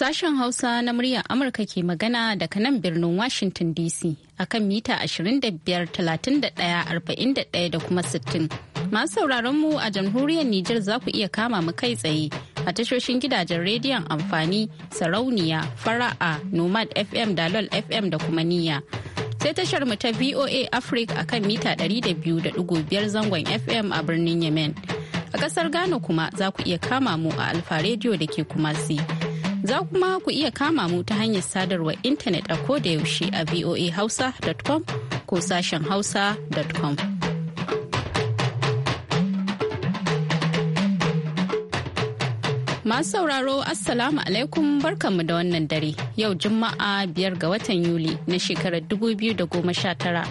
Sashen Hausa na muryar Amurka ke magana daga nan birnin Washington DC akan mita 25-31-41 da kuma 60. Masu sauraron mu a jamhuriyar Nijar za ku iya kama mu kai tsaye a tashoshin gidajen rediyon amfani sarauniya fara'a nomad fm dalol fm da kuma niya sai tashar mu ta VOA Africa akan mita 200.5 zangon FM a birnin Yemen. A kasar Ghana kuma za ku iya kama mu a Alfa Radio da ke Kumasi. Za kuma ku iya kama mu ta hanyar sadarwar intanet a yaushe a voahausa.com ko sashen hausa.com. Masu sauraro Assalamu alaikum barkanmu da wannan dare yau Juma'a biyar ga watan Yuli na shekarar 2019.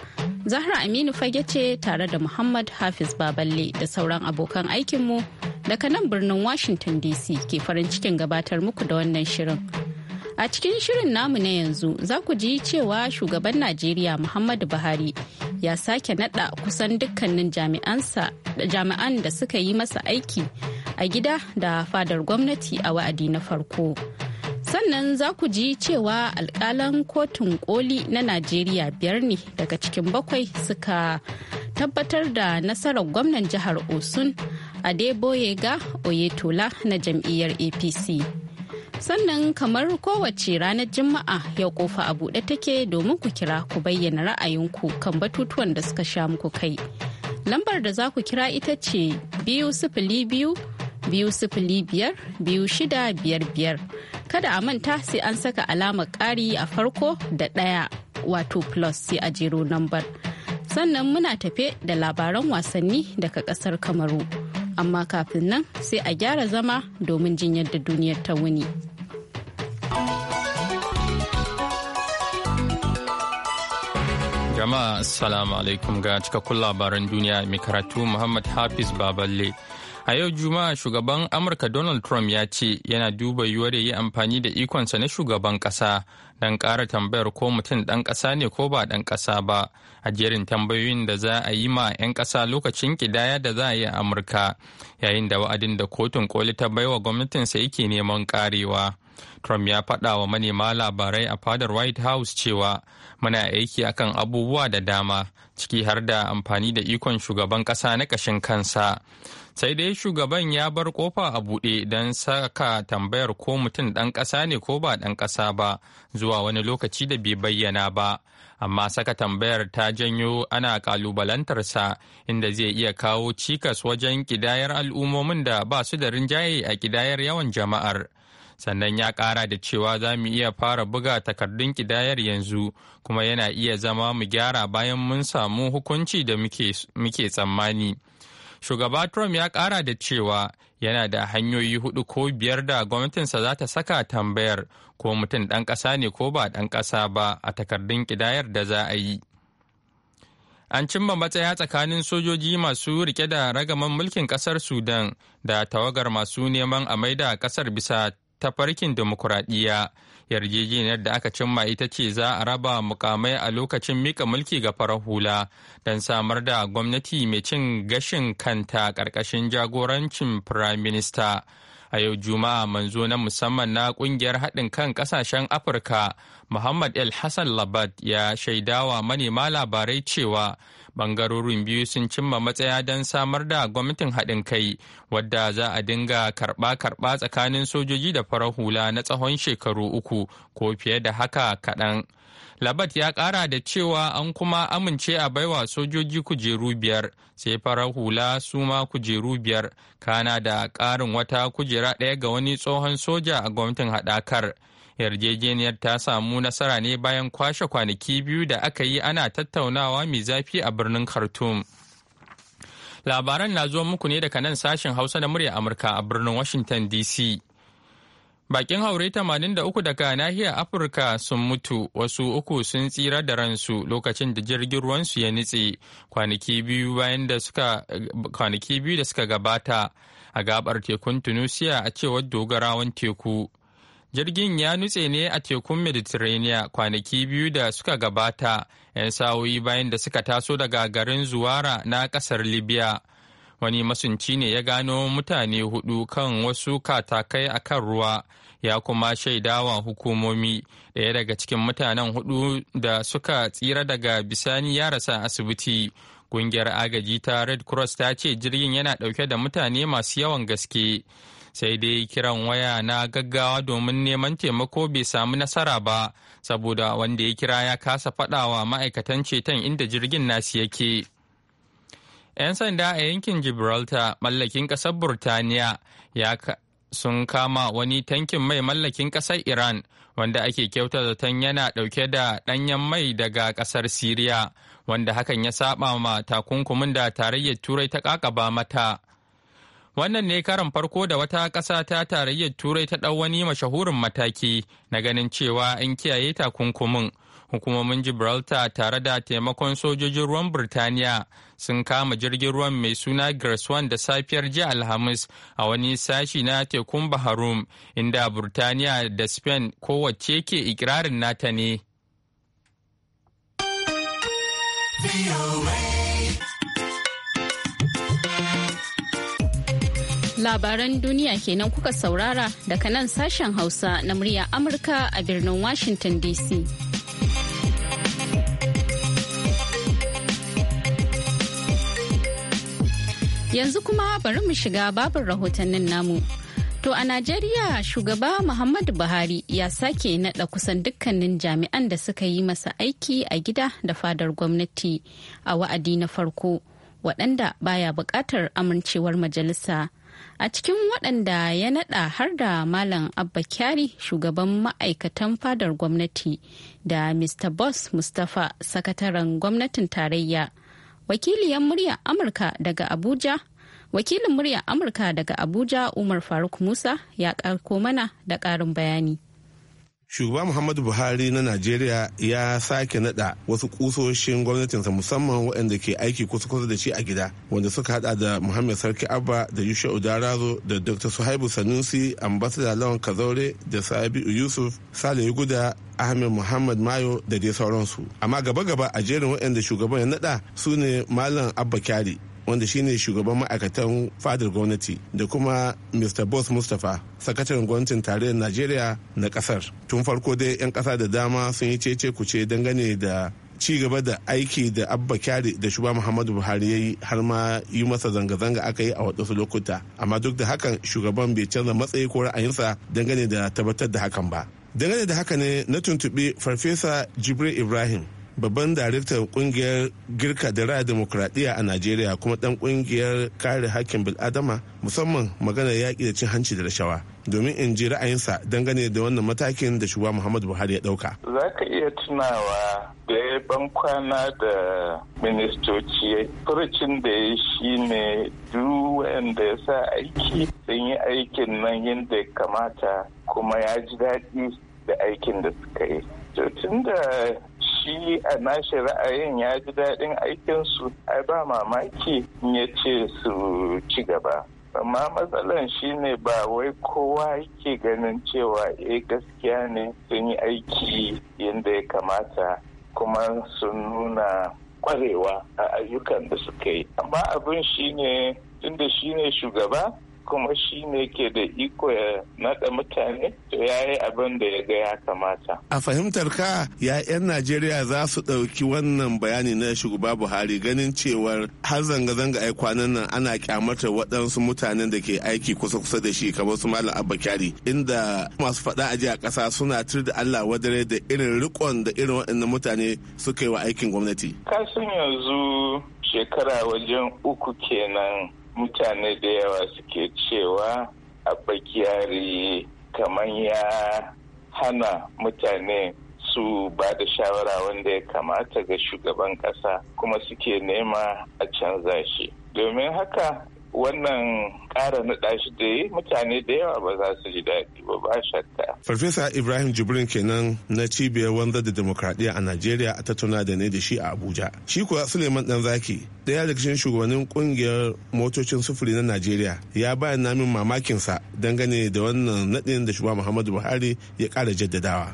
Zahra Aminu fage ce tare da Muhammad Hafiz Baballe da sauran abokan aikinmu daga nan birnin Washington DC ke farin cikin gabatar muku da wannan shirin. A cikin shirin namu na yanzu za ku ji cewa shugaban Najeriya Muhammadu Buhari ya sake nada kusan dukkanin jami'an da suka yi masa aiki a gida da fadar gwamnati a wa'adi na farko. Sannan za ku ji cewa alkalan kotun koli na Najeriya biyar ne daga cikin bakwai suka tabbatar da nasarar gwamnan jihar Osun Adeboyega Oyetola na jam'iyyar APC. Sannan kamar kowace ranar Juma'a yau kofa a buɗe take domin ku kira ku bayyana ra'ayinku kan batutuwan da suka sha muku kai. Lambar da za ku kira ita ce biyu sifili biyu biyu sifili biyar biyu shida biyar biyar. Kada a manta sai an saka alamar ƙari a farko da ɗaya wato plus sai a jero lambar. Sannan muna tafe da labaran wasanni daga ƙasar Kamaru. amma kafin nan sai a gyara zama domin jin yadda duniyar ta wuni. Jama'a Assalamu alaikum ga cikakkun labaran duniya mai karatu Muhammad Hafiz Baballe. A yau Juma'a shugaban Amurka Donald Trump ya ce yana duba yiwuwar ya yi amfani da ikonsa na shugaban ƙasa don ƙara tambayar ko mutum ɗan ƙasa ne ko ba ɗan ƙasa ba a jerin tambayoyin da za a yi ma 'yan ƙasa lokacin ƙidaya da za a yi a Amurka yayin da wa'adin da kotun koli ta baiwa gwamnatinsa yake neman ƙarewa. Trump ya faɗa wa manema labarai a fadar White House cewa muna aiki akan abubuwa da dama ciki har da amfani da ikon shugaban ƙasa na ƙashin kansa. sai dai shugaban ya bar kofa a buɗe don saka tambayar ko mutum ɗan ƙasa ne ko ba ɗan ƙasa ba zuwa wani lokaci da bai bayyana ba amma saka tambayar ta janyo ana ƙalubalantarsa inda zai iya kawo cikas wajen ƙidayar al'ummomin da ba su da rinjaye a ƙidayar yawan jama'ar. sannan ya kara da cewa za mu iya fara buga takardun kidayar yanzu kuma yana iya zama mu gyara bayan mun samu hukunci da muke tsammani Shugaba Trump ya kara da cewa yana da hanyoyi hudu ko biyar da gwamnatinsa za ta saka tambayar ko mutum ɗan ƙasa ne ko ba ɗan ƙasa ba a takardun ƙidayar da za a yi. An cimma matsaya tsakanin sojoji masu rike da ragaman mulkin ƙasar Sudan da tawagar masu neman a maida ƙasar bisa tafarkin dimokuraɗiyya yarjejeniyar da aka cimma ita ce za a raba mukamai a lokacin mika mulki ga farar hula don samar da gwamnati mai cin gashin kanta ƙarƙashin jagorancin firayim minista. a yau juma'a manzo na musamman na kungiyar haɗin kan ƙasashen afirka muhammad el hassan labad ya shaidawa manema labarai cewa bangarorin biyu sun cimma matsaya don samar da gwamnatin haɗin kai wadda za a dinga karɓa-karɓa tsakanin sojoji da farar hula na tsawon shekaru uku ko fiye da haka kaɗan. labat ya kara da cewa an kuma amince a baiwa sojoji kujeru biyar sai farar hula su ma kujeru biyar kana da karin wata kujera ɗaya ga wani tsohon soja a gwamnatin haɗakar yarjejeniyar ta samu nasara ne bayan kwashe kwanaki biyu da aka yi ana tattaunawa mai zafi a birnin khartoum labaran na zuwa muku ne daga nan sashen hausa na murya amurka a birnin washington dc Bakin haure 83 daga nahiyar Afirka sun mutu, wasu uku sun tsira da ransu lokacin da jirgin ruwansu ya nitse kwanaki biyu da suka gabata a gabar tekun Tunisia a cewar dogarawan teku. Jirgin ya nutse ne a tekun Mediterranean kwanaki biyu da suka gabata, 'yan sa'o'i bayan da suka taso daga garin Zuwara na kasar Libya. wani masunci ne ya gano mutane hudu kan wasu katakai a kan ruwa ya kuma shaidawa hukumomi daya daga cikin mutanen hudu da suka tsira daga bisani ya rasa asibiti kungiyar agaji ta red cross ta ce jirgin yana ɗauke da mutane masu yawan gaske sai dai kiran waya na gaggawa domin neman taimako bai samu nasara ba saboda wanda ya kira ya kasa faɗawa ma'aikatan ceton inda jirgin nasu yake. 'yan sanda a yankin gibraltar mallakin kasar burtaniya sun kama wani tankin mai mallakin ƙasar Iran wanda ake kyauta zaton yana ɗauke da ɗanyen mai daga ƙasar Siriya wanda hakan ya saba ma takunkumin da tarayyar Turai ta ƙaƙaba mata. Wannan ne karan farko da wata ƙasa ta tarayyar Turai ta ɗau wani mashahurin mataki na ganin cewa an kiyaye takunkumin. Hukumomin Gibraltar tare da taimakon sojojin ruwan Birtaniya sun kama jirgin ruwan mai suna Gerswan da safiyar jiya Alhamis a wani sashi na tekun Baharum inda Burtaniya da Spain kowace ke ikirarin nata ne. Labaran duniya kenan kuka saurara daga nan sashen Hausa na murya Amurka a birnin Washington DC. Yanzu kuma bari mu shiga babin rahotannin namu. To a Najeriya shugaba Muhammadu Buhari ya sake naɗa kusan dukkanin jami'an da suka yi masa aiki a gida da fadar gwamnati a wa'adi na farko waɗanda baya buƙatar amincewar majalisa. A cikin waɗanda ya naɗa har da Malam Abba Kyari shugaban ma'aikatan fadar gwamnati da Mr. Boss Mustapha sakataren gwamnatin tarayya. wakiliyar muryar amurka daga abuja wakilin muryar amurka daga abuja umar faruk musa ya karko mana da karin bayani shugaba muhammadu buhari na najeriya ya sake nada wasu kusoshin gwamnatinsa musamman waɗanda ke aiki kusa-kusa da shi a gida wanda suka hada da muhammad sarki abba da yusha udarazo da dr suhaibu sanusi ambasada lawan kazaure da sabiu yusuf sale guda ahmed muhammad mayo da dai sauransu amma gaba-gaba a jerin waɗanda shugaban ya nada su ne malam abba kyari wanda shine shugaban ma'aikatan fadar gwamnati da kuma mr boss mustapha sakataren gwamnatin tarayyar najeriya na kasar tun farko dai 'yan kasa da dama sun yi cece ce dangane da ci gaba da aiki da abba kyari da shuba muhammadu buhari ya yi har ma yi masa zanga-zanga aka yi a waɗansu lokuta amma duk da hakan shugaban bai canza matsayi ko ra'ayinsa dangane da tabbatar da hakan ba dangane da haka ne na tuntuɓi farfesa jibril ibrahim babban daraktan kungiyar girka da ra'a demokradiyya a najeriya kuma dan kungiyar kare hakkin bil'adama musamman maganar yaƙi da cin hanci da rashawa domin in ji ra'ayinsa dangane da wannan matakin da shugaba muhammadu buhari ya ɗauka. za ka iya tunawa da ya ban kwana da ministoci furucin da ya shi ne duk wanda ya sa aiki sun yi aikin nan yadda ya kamata kuma ya ji daɗi da aikin da suka yi. tun da shi a nashi ra'ayin ya ji daɗin aikinsu ai ba mamaki ya ce su ci gaba amma matsalan shine ba wai kowa yake ganin cewa eh gaskiya ne sun yi aiki yadda ya kamata kuma sun nuna kwarewa a ayyukan da suka yi amma abin shine tunda shine shugaba kuma shi ne ke da iko ya naɗa mutane to ya yi abin da ya ga ya kamata. A fahimtar ka ya 'yan Najeriya za su ɗauki wannan bayani na shugaba Buhari ganin cewar har zanga-zanga ai kwanan nan ana kyamata waɗansu mutanen da ke aiki kusa-kusa da shi kamar su Malam Abba Kyari inda masu faɗa aji a ƙasa suna tur da Allah wadare da irin riƙon da irin waɗannan mutane suka yi wa aikin gwamnati. kasan yanzu shekara wajen uku kenan mutane da yawa suke cewa a bakiyari kamar ya hana mutane su ba da shawara wanda ya kamata ga shugaban kasa kuma suke nema a canza shi domin haka wannan ƙara naɗa shi da yi mutane da yawa ba za su ji daɗi ba ba shakka. Farfesa Ibrahim Jibrin kenan na cibiyar wanzar da demokradiyya a Najeriya a tattauna da ne da shi a Abuja. Shi kuwa Suleiman Ɗanzaki ɗaya daga cikin shugabannin ƙungiyar motocin sufuri na Najeriya ya bayan namin mamakinsa dangane da wannan naɗin da shugaban Muhammadu Buhari ya ƙara jaddadawa.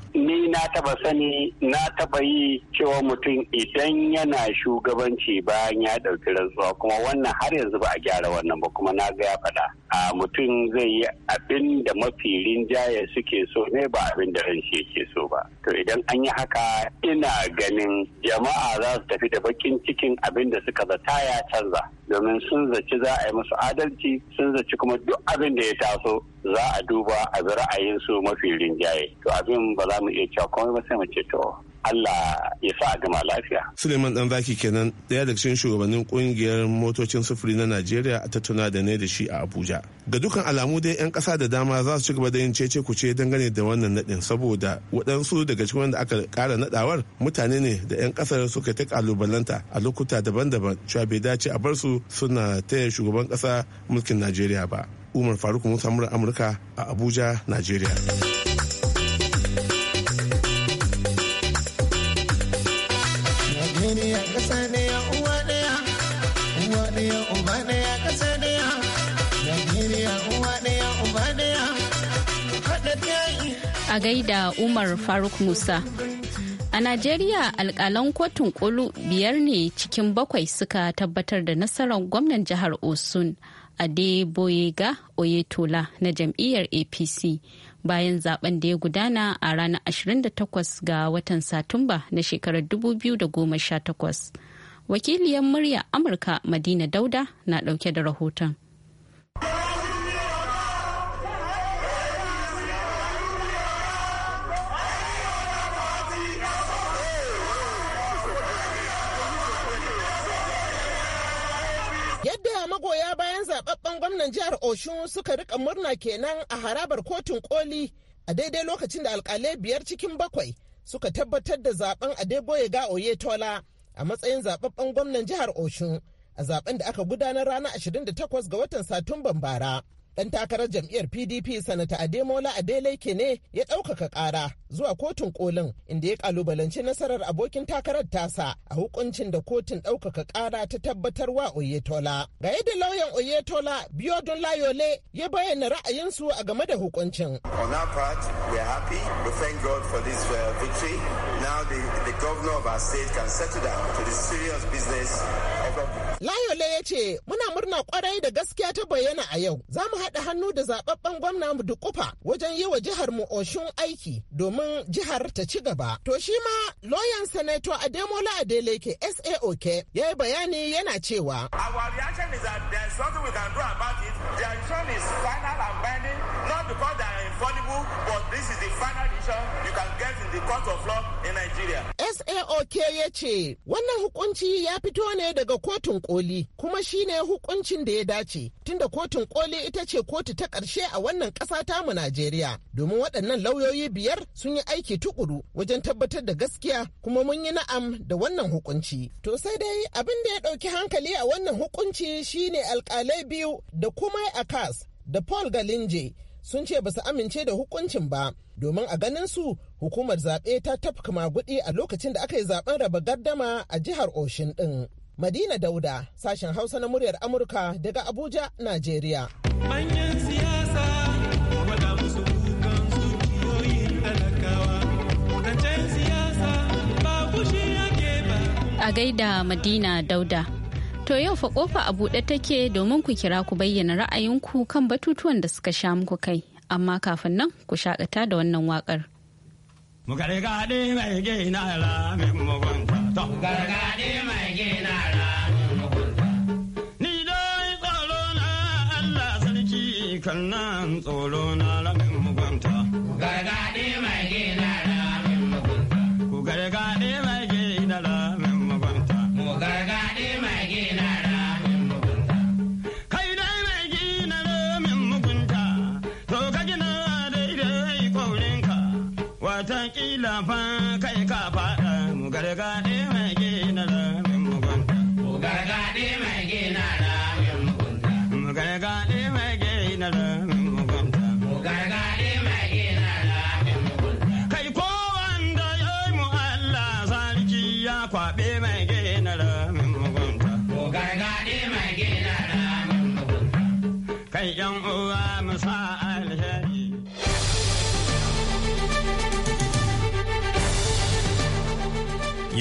na taba sani na taba yi cewa mutum idan yana shugabanci bayan ya ɗauki rantsuwa kuma wannan har yanzu ba a gyara wannan ba kuma na ga ya faɗa a mutum zai yi abin da mafi rinjaye suke so ne ba abin da ran shi yake so ba to idan an yi haka ina ganin jama'a za su tafi da bakin cikin abin da suka zata ya canza domin sun zaci za a yi musu adalci sun zaci kuma duk abin da ya taso za a duba a bi ra'ayin su mafi rinjaye to abin ba za mu iya cewa komai ba sai mu ce to Allah ya sa a gama lafiya. Suleiman zaki kenan daya daga cikin shugabannin kungiyar motocin sufuri na Najeriya a tattauna da ne da shi a Abuja. Ga dukan alamu dai 'yan ƙasa da dama za su ci gaba da yin cece kuce dangane da wannan nadin. saboda waɗansu daga cikin wanda aka kara naɗawar mutane ne da 'yan kasar suka ta kalubalanta a lokuta daban-daban cewa bai dace a bar su suna taya shugaban ƙasa mulkin Najeriya ba. Umar Faruk Musa Amurka a Abuja, Najeriya. a gaida Umar Faruk Musa. A Najeriya alkalan kotun kolu biyar ne cikin bakwai suka tabbatar da nasarar gwamnan jihar Osun Adeboyega Oyetola na jam'iyyar APC bayan zaben da ya gudana a ranar 28 ga watan Satumba na shekarar 2018. Wakiliyar murya Amurka Madina Dauda na dauke da rahoton. zababben gwamnan jihar Oshun suka rika murna kenan a harabar kotun koli a daidai lokacin da alkalai biyar cikin bakwai suka tabbatar da zaben Adeboye ga Oyetola a matsayin zababben gwamnan jihar Oshun a zaben da aka gudanar ranar 28 ga watan Satumban bara. dan takarar jam'iyyar PDP Sanata Ademola Adeleke ne ya ɗaukaka ƙara zuwa kotun kolin inda ya ƙalubalanci nasarar abokin takarar tasa a hukuncin da kotun ɗaukaka ƙara ta tabbatar wa Oyetola. Ga yadda lauyan Oyetola Biodun Layole ya bayyana ra'ayinsu a game da hukuncin. On our part, we are happy. We thank God for this uh, victory. Now the, the governor of our state can settle down to the serious business of Layole ya ce muna murna kwarai da gaskiya ta bayyana a yau za mu haɗa hannu da zaɓaɓɓen gwamna mu dukufa wajen yi wa jihar mu oshun aiki domin jihar ta ci gaba. To shi ma loyan sanato Ademola Adeleke SAOK ya yi bayani yana cewa. Our reaction is that there is nothing we can do about it. The action is final and binding not because they are infallible but this is the final decision against the court of law in Nigeria. SAOK ya ce wannan hukunci ya fito ne daga kotun koli kuma shi ne hukuncin da ya dace tunda kotun koli ita ce kotu ta ƙarshe a wannan ƙasa tamu Najeriya domin waɗannan lauyoyi biyar sun yi aiki tukuru wajen tabbatar da gaskiya kuma mun yi na'am da wannan hukunci. To sai dai abin da ya ɗauki hankali a wannan hukunci shine alƙalai biyu da kuma Akas da Paul Galinje sun ce ba su amince da hukuncin ba domin a ganin su hukumar zaɓe ta tafka gudi a lokacin da aka yi zaben raba gardama a jihar Oshin ɗin. Madina Dauda, sashen Hausa na muryar Amurka daga Abuja, Najeriya. a gaida Madina Dauda. To yau fa kofa a buɗe take domin ku kira ku bayyana ra'ayinku kan batutuwan da suka sha muku kai. Amma kafin nan ku shakata da wannan waƙar. Ni tsoro na Allah sarki kan nan tsoro na mugunta. Gargaɗi mai gina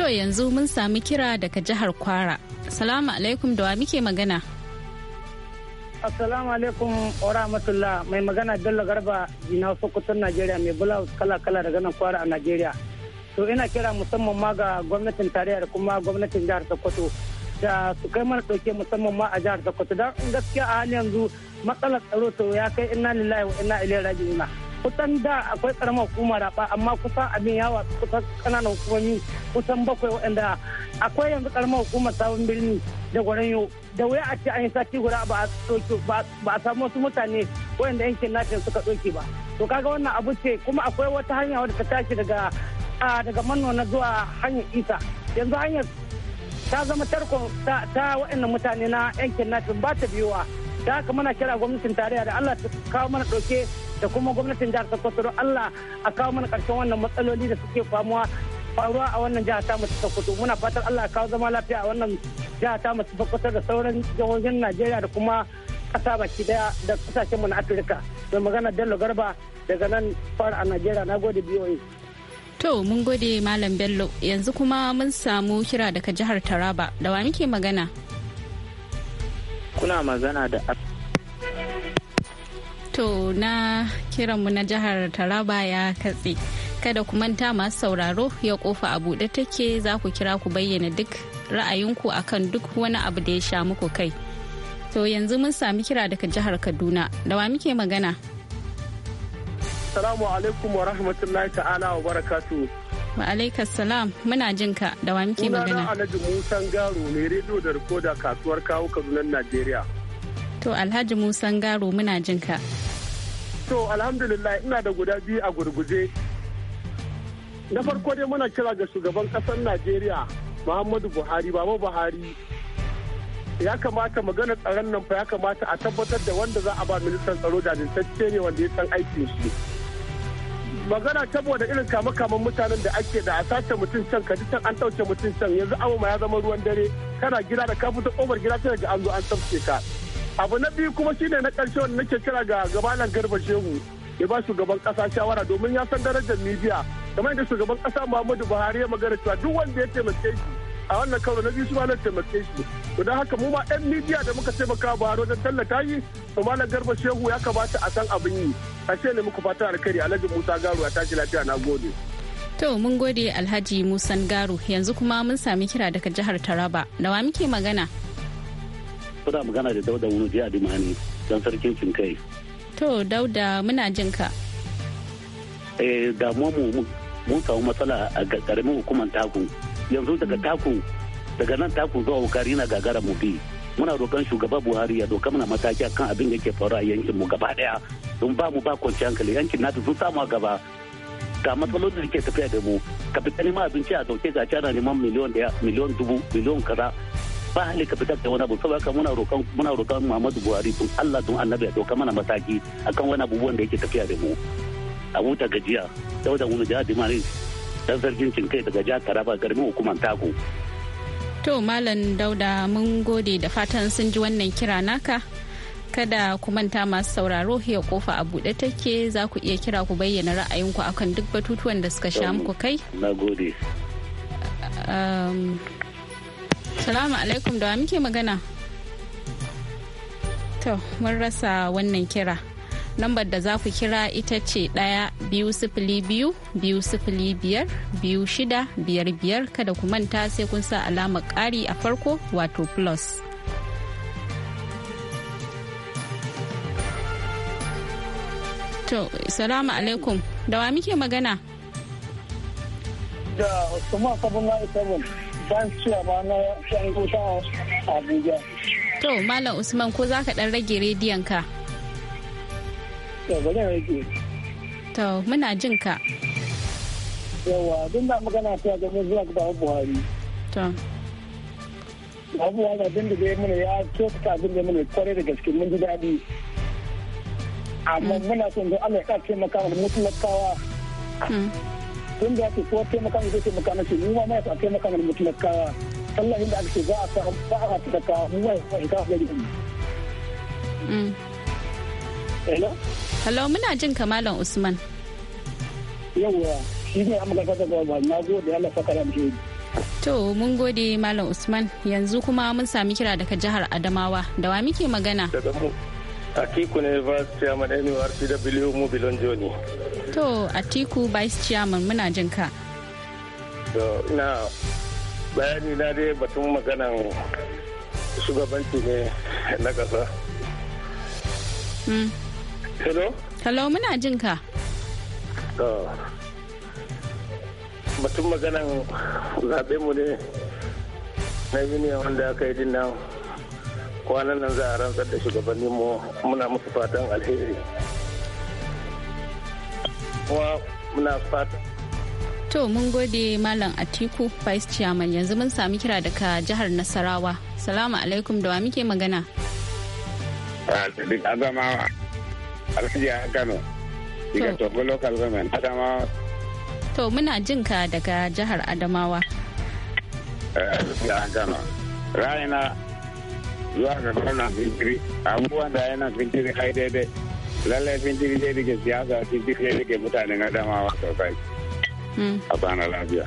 To yanzu mun sami kira daga jihar Kwara. Salamu alaikum da wa muke magana. Assalamu alaikum wa mai magana Bello Garba na Sokoton Najeriya mai bula kala-kala daga nan Kwara a Najeriya. To ina kira musamman ma ga gwamnatin tarayya da kuma gwamnatin jihar Sokoto da su kai mana ɗauke musamman ma a jihar Sokoto don gaskiya a halin yanzu matsalar tsaro to ya kai inna lillahi wa inna ilaihi raji'un. kusan da akwai karamar hukuma raba amma kusan abin yawa kusan kananan hukumomi kusan bakwai waɗanda akwai yanzu karamar hukumar sabon birni da gwaranyo da wuya a ce an yi sati guda ba a samu wasu mutane waɗanda yankin natin suka ɗauke ba to kaga wannan abu ce kuma akwai wata hanya wadda ta tashi daga daga na zuwa hanyar isa yanzu hanyar ta zama tarko ta waɗannan mutane na yankin natin ba ta biyuwa da haka muna kira gwamnatin tarayya da allah ta kawo mana ɗauke da kuma gwamnatin jihar Sokoto Allah a kawo mana karshen wannan matsaloli da suke famuwa faruwa a wannan jihar ta mutu Sokoto muna fatan Allah kawo zama lafiya a wannan jihar ta mutu Sokoto da sauran jihohin Najeriya da kuma kasa baki daya da kasashen mu na Afirka mai magana Bello Garba daga nan fara a Najeriya na gode BOA To mun gode Malam Bello yanzu kuma mun samu kira daga jihar Taraba da wa muke magana? Kuna magana da to na kiranmu na jihar taraba ya katse kada ku manta masu sauraro ya kofa a buɗe take za ku kira ku bayyana duk ra'ayinku akan duk wani abu da ya sha muku kai to yanzu mun sami kira daga jihar kaduna da wa muke magana salamu alaikum wa rahmatullahi ta'ala wa barakatu wa alaikas salam muna jin ka da wa muke magana na alhaji musan garo mai rediyo da rikoda kasuwar kawo kaduna najeriya to alhaji musan garo muna jin ka To alhamdulillah ina da guda biyu a gurguje. Na farko dai muna kira ga shugaban kasar Najeriya Muhammadu Buhari, Baba Buhari. Ya kamata magana tsaron nan fa ya kamata a tabbatar da wanda za a ba ministan tsaro jajirtacce ne wanda ya san aikin shi. Magana saboda irin kama kaman mutanen da ake da a sace mutum can ka can an ɗauke mutum can yanzu abu ma ya zama ruwan dare kana gida da ka fita ƙofar gida sai daga an zo an tafke ka. abu na biyu kuma shine na karshe wanda nake kira ga gabanan garba shehu ya ba shugaban kasa shawara domin ya san darajar midiya kamar yadda shugaban kasa muhammadu buhari ya magana cewa duk wanda ya taimake shi a wannan karo na biyu su na taimake shi to don haka mu ma yan media da muka taimaka buhari wajen tallata yi to malam garba shehu ya kamata a san abin yi ashe ne muku fatan alkhairi alhaji musa garu ya tashi lafiya na gode. To mun gode Alhaji Musan Garu yanzu kuma mun sami kira daga jihar Taraba. Da muke magana? kuna magana da dauda wani jiya dimani don sarkin cinkai to dauda muna jin ka eh damuwa mu mun samu matsala a karamin hukumar taku yanzu daga taku daga nan taku zuwa wukari na gagara mu bi muna roƙon shugaba buhari ya doka muna mataki akan abin da ke faru a yankin mu gaba daya don ba mu ba kwanci hankali yankin nata sun samu a gaba ga matsalolin da ke tafiya da mu ka fita abinci a dauke ga cana neman miliyon miliyon dubu miliyon kaza ba hali ka fitar da wani abu saboda haka muna roƙon muna roƙon Muhammadu Buhari tun Allah tun Annabi ya dauka mana mataki akan wani abubuwan da yake tafiya da mu a huta gajiya dauda mun jihar Dimari dan sarkin kai daga jihar Taraba garin hukumar Tago to malam dauda mun gode da fatan sun ji wannan kira naka kada ku manta masu sauraro ya kofa a buɗe take za ku iya kira ku bayyana ra'ayinku akan duk batutuwan da suka sha muku kai. Na gode. Um, salamu alaikum da muke magana to mun rasa wannan kira lambar da za ku kira ita ce ɗaya biyu sifili biyu biyu sifili biyar biyu shida biyar biyar kada ku manta sai kun sa alamar ƙari a farko wato plus to salamu alaikum da wa muke magana da Usman Sabon Lai ban ciya ba na yan gusa a Abuja. To Malam Usman ko za ka ɗan rage rediyon ka? To zan rage. To muna jin ka. Yawa duk da magana ta ga mun zuwa ga Buhari. To. Abubuwa da abin da ya mana ya kyautata abin da mana kwarai da gaske mun ji daɗi. Amma mm. muna son da Allah ya sa taimaka wa mutum abin da yake kowa taimaka mu zai taimaka mace mu ma mai taimaka mana mu talakawa tallafin da aka ce za a sa ba a talakawa mu ma ya ka gari hello hello muna jin kamalan usman yawwa shi ne amma ka daga ba na gode Allah saka ran ji to mun gode malam usman yanzu kuma mun sami kira daga jihar adamawa da wa muke magana daga mu Atiku ne Vice Chairman mu Bilon Joni. To, Atiku Vice Chairman muna jin ka. To, na bayani na dai batun maganan shugabanci ne na ƙasa. Hmm. Hello? Hello, muna jin ka. To, batun maganan zaɓe mu ne na yuniya wanda aka yi din nan. kwanan nan za a rantsar da shugabannin mu muna musu fatan alheri kuma muna fata to mun gode malam atiku vice chairman yanzu mun sami kira daga jihar nasarawa salamu alaikum da wa muke magana ah, adamawa alhaji kano daga togo local government adamawa to muna jin ka daga jihar adamawa eh, ra'ina zuwa ga gwamnan fintiri abubuwan da yana fintiri kai daidai lallai fintiri zai rike siyasa fintiri zai rike na damawa sosai hmm. a bana lafiya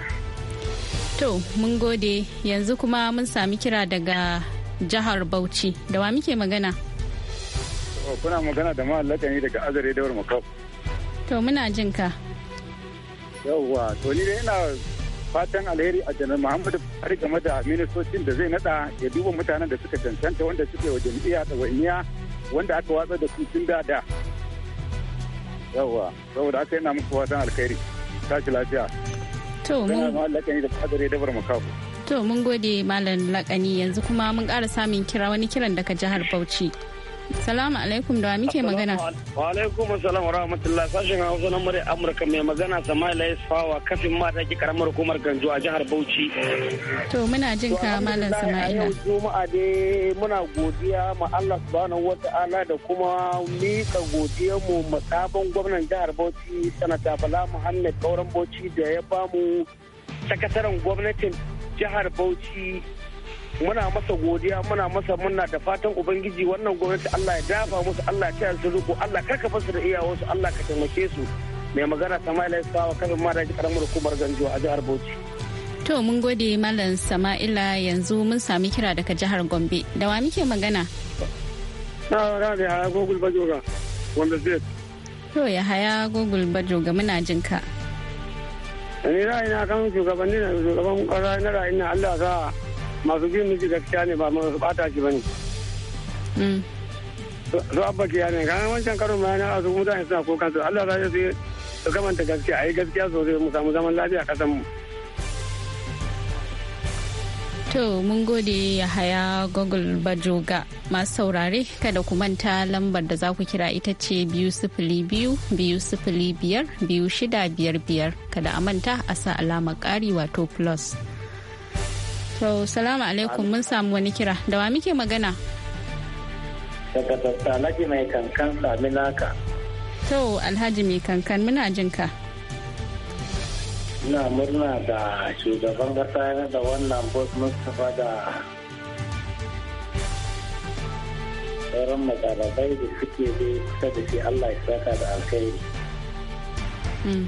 to mun gode yanzu kuma mun sami kira daga jihar bauchi da wa muke magana kuna magana da mahallaka ne daga azare dawar makau to muna jinka. yauwa to ni dai ina fatan alheri a janar muhammadu har game da ministocin da zai nada ya duba mutanen da suka cancanta wanda suke wa jam'iyya ɗawainiya wanda aka watsa da cikin da da yawa saboda aka yana muku fatan alheri tashi lafiya to mun da da to mun gode malam lakani yanzu kuma mun ƙara samun kira wani kiran daga jihar bauchi Salamu alaikum da muke magana. Wa alaikum assalam wa rahmatullah sashen Hausa na murya Amurka mai magana Samaila Isfawa kafin mata ki karamar hukumar Ganjo a jihar Bauchi. To muna jin ka malam Samaila. Yau Juma'a dai muna godiya ma Allah subhanahu wata'ala da kuma mika godiya mu musabon gwamnan jihar Bauchi sanata Bala Muhammad Kauran Bauchi da ya bamu sakataren gwamnatin jihar Bauchi muna masa godiya muna masa muna da fatan ubangiji wannan gwamnati Allah ya dafa musu Allah ya tayar su riko Allah karka fasu da iyawansu Allah ka taimake su mai magana Sama'ila sawa kafin ma da karamar hukumar Ganjo a jihar Bauchi To mun gode Malam Sama'ila yanzu mun sami kira daga jihar Gombe. Da wa muke magana? Na da Yahaya Gogul Bajoga, wanda zai. To ya haya Gogul Bajoga muna jin ka. Ni ra'ayi na kan shugabanni na shugaban ƙasa na ra'ayi na Allah sa masu bin miji gaskiya ne ba masu bata shi ba ne. Su mm. abba kiya ne kan wancan karo ma a su mutane suna kokan su Allah za sai su kamanta gaskiya a yi gaskiya sosai mu samu zaman lafiya a kasan mu. To mun gode ya haya Google Bajoga masu saurare kada ku manta lambar da za ku kira ita ce biyu sifili biyu biyu sifili biyar biyu shida biyar biyar kada a manta a sa alamar kari wato plus. To, salamu alaikum mun samu wani kira. Da wa muke magana? Daga Dr. Alhaji mai kankan sami naka. To, Alhaji mai kankan muna jin ka. Ina murna da shugaban kasa da wannan bot Mustapha da sauran magarabai da suke zai kusa da shi Allah ya saka da alkhairi. Mm.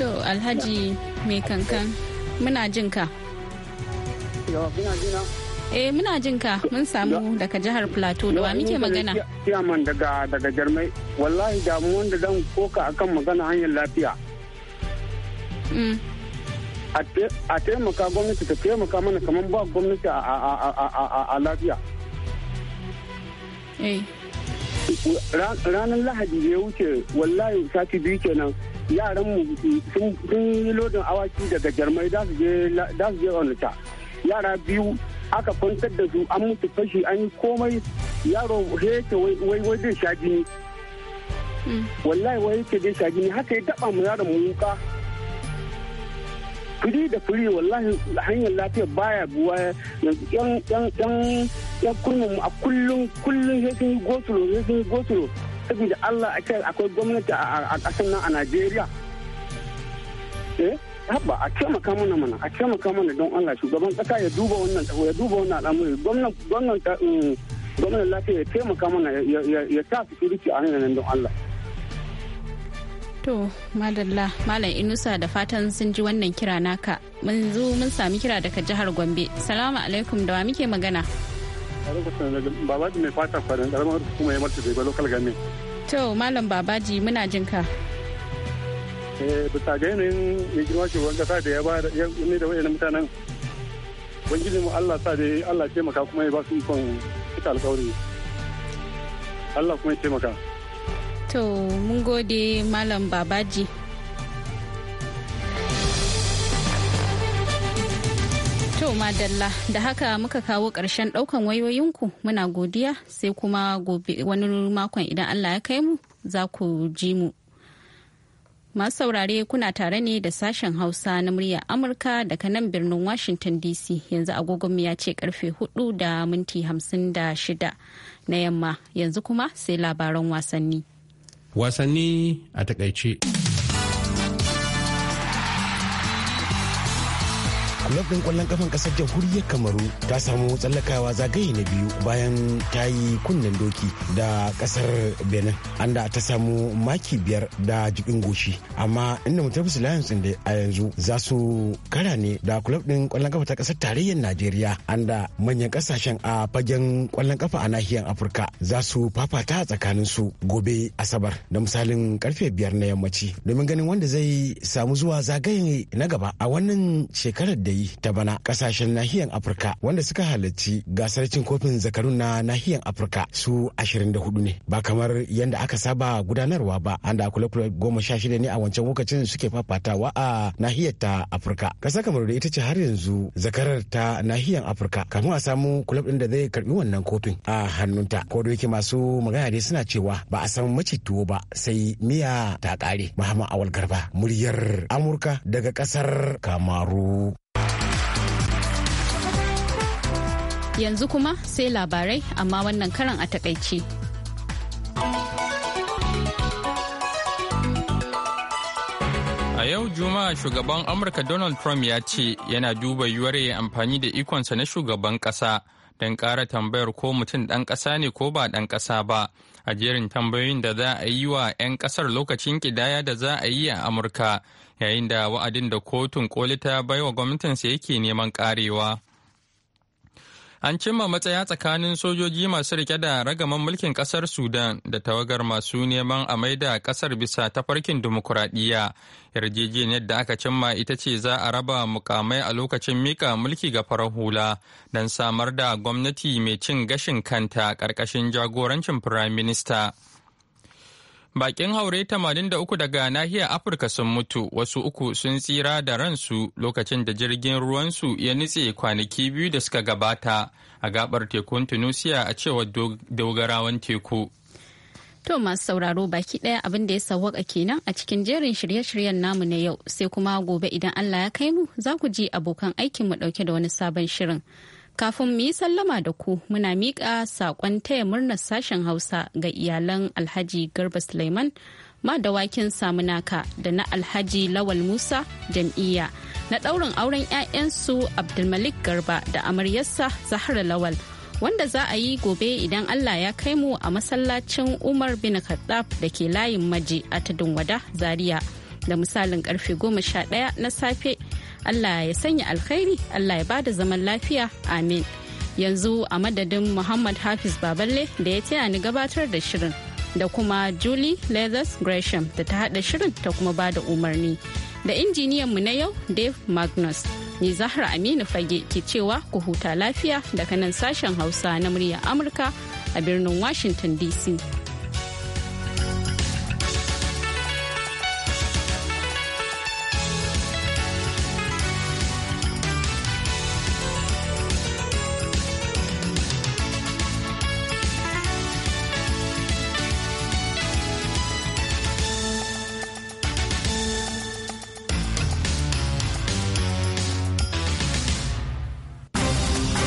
To, Alhaji mai kankan. muna jin ka eh muna jin ka mun samu daga jihar plateau da wa muke magana ciyaman daga daga jarmai wallahi damuwan da zan koka akan magana hanyar lafiya mm. a taimaka gwamnati ta taimaka mana kamar ba gwamnati a lafiya eh. ranar lahadi ya wuce wallahi sati biyu kenan yaran mu sun yi lodin awaki daga jarmai za su je onita yara biyu aka kwantar da su an mutu fashi an yi komai yaro yake wai wai zai sha jini hmm. wallahi wai yake zai sha jini haka ya taba mu yaron mu wuka fili da fili wallahi hanyar lafiya baya buwa yanzu yan yan yan yan a kullum kullum sai sun yi gosulo sai sun yi gosulo saboda Allah a kai akwai gwamnati a ƙasar nan a Najeriya. Eh, haba a taimaka mana mana a taimaka mana don Allah shugaban ƙasa ya duba wannan ya duba wannan al'amari gwamnan gwamnan mm, gwamnan lafiya ya taimaka mana ya sa security a hanyar don Allah. To, madalla, Malam Inusa da fatan sun ji wannan kira naka. Mun zo mun sami kira daga jihar Gombe. Salamu alaikum da wa muke magana. babaji mai fata kwarin karamar hukumar ya marta daga lokal game to malam babaji muna jin ka eh, bisa ga yanayin mai girma shugaban kasa da ya ba da wayannan mutanen ubangiji mu Allah sa dai Allah taimaka kuma ya ba su ikon ita alƙawari Allah kuma ya taimaka to mun gode malam babaji yoma dalla da haka muka kawo ƙarshen ɗaukan wayoyinku muna godiya sai kuma gobe wani makon idan Allah ya kai mu za ku ji mu. Masu saurare kuna tare ne da sashen Hausa na murya Amurka daga nan birnin Washington DC yanzu agogonmu ya ce karfe 4 da minti 56 na yamma yanzu kuma sai labaran wasanni. Wasanni a takaice. kulob ɗin ƙwallon ƙafan ƙasar jamhuriyar kamaru ta samu tsallakawa zagaye na biyu bayan ta yi kunnen doki da ƙasar benin an da ta samu maki biyar da jikin goshi amma inda mutum lions tsinde a yanzu za su kara ne da kulob ɗin ƙwallon ƙafa ta ƙasar tarayyar najeriya an da manyan ƙasashen a fagen ƙwallon ƙafa a nahiyar afirka za su fafata a su gobe asabar da misalin karfe biyar na yammaci domin ganin wanda zai samu zuwa zagaye na gaba a wannan shekarar da yi ta bana kasashen nahiyar afirka wanda suka halarci gasar cin kofin zakarun na nahiyar afirka su 24 ne ba kamar yadda aka saba gudanarwa ba an da kula-kula goma sha shida ne a wancan lokacin suke fafatawa a nahiyar ta afirka kasa kamar da ita ce har yanzu zakarar ta nahiyar afirka kafin a samu kulab ɗin da zai karbi wannan kofin a hannunta ko da yake masu magana dai suna cewa ba a san mace tuwo ba sai miya ta ƙare muhammad awal garba muryar amurka daga ƙasar kamaru Yanzu kuma sai labarai amma wannan karan a takaice. A yau Juma'a shugaban Amurka Donald Trump ya ce yana duba yuwar ya amfani da ikonsa na shugaban ƙasa don ƙara tambayar ko mutum ɗan ƙasa ne ko ba ɗan ƙasa ba a jerin tambayoyin da za a yi wa 'yan ƙasar lokacin ƙidaya da za a yi a Amurka yayin da wa'adin da kotun koli ta baiwa gwamnatinsa yake neman ƙarewa. an cimma matsaya tsakanin sojoji masu rike da ragaman mulkin kasar sudan da tawagar masu neman a maida kasar bisa tafarkin dimokuraɗiyya yarjejeniyar da aka cimma ita ce za a raba mukamai a lokacin mika mulki ga farar hula don samar da gwamnati mai cin gashin kanta ƙarƙashin jagorancin firayim minista. Bakin haure 83 daga nahiyar Afirka sun mutu, wasu uku sun tsira da ransu lokacin da jirgin ruwansu ya nutse kwanaki biyu da suka gabata a gabar tekun Tunusiya a cewar dogarawan teku. To masu sauraro baki daya abin da ya sawwaka kenan a cikin jerin shirye-shiryen namu na yau sai kuma gobe idan Allah ya kai mu za ku ji abokan aikinmu dauke da wani sabon shirin. Kafin mu yi sallama da ku muna miƙa saƙon taya murnar sashen Hausa ga iyalan Alhaji Garba Sulaiman Suleiman wakin samunaka da na Alhaji Lawal Musa jam'iyya na ɗaurin auren 'ya'yansu Abdulmalik Garba da amaryarsa Zahra Lawal wanda za a yi gobe idan Allah ya kai mu a masallacin Umar bin Khattab da ke layin maji a tudun wada Zaria da misalin karfe ɗaya na safe Allah ya sanya alkhairi Allah ya bada zaman lafiya amin yanzu a madadin Muhammad Hafiz Baballe da ya taya ni gabatar da shirin da kuma Julie Leathers Gresham da ta haɗa shirin ta kuma bada umarni da injiniyan mu na yau Dave Magnus. Ni Zahra Aminu Fage ke cewa ku huta lafiya daga nan sashen Hausa na muryar Amurka a birnin Washington DC.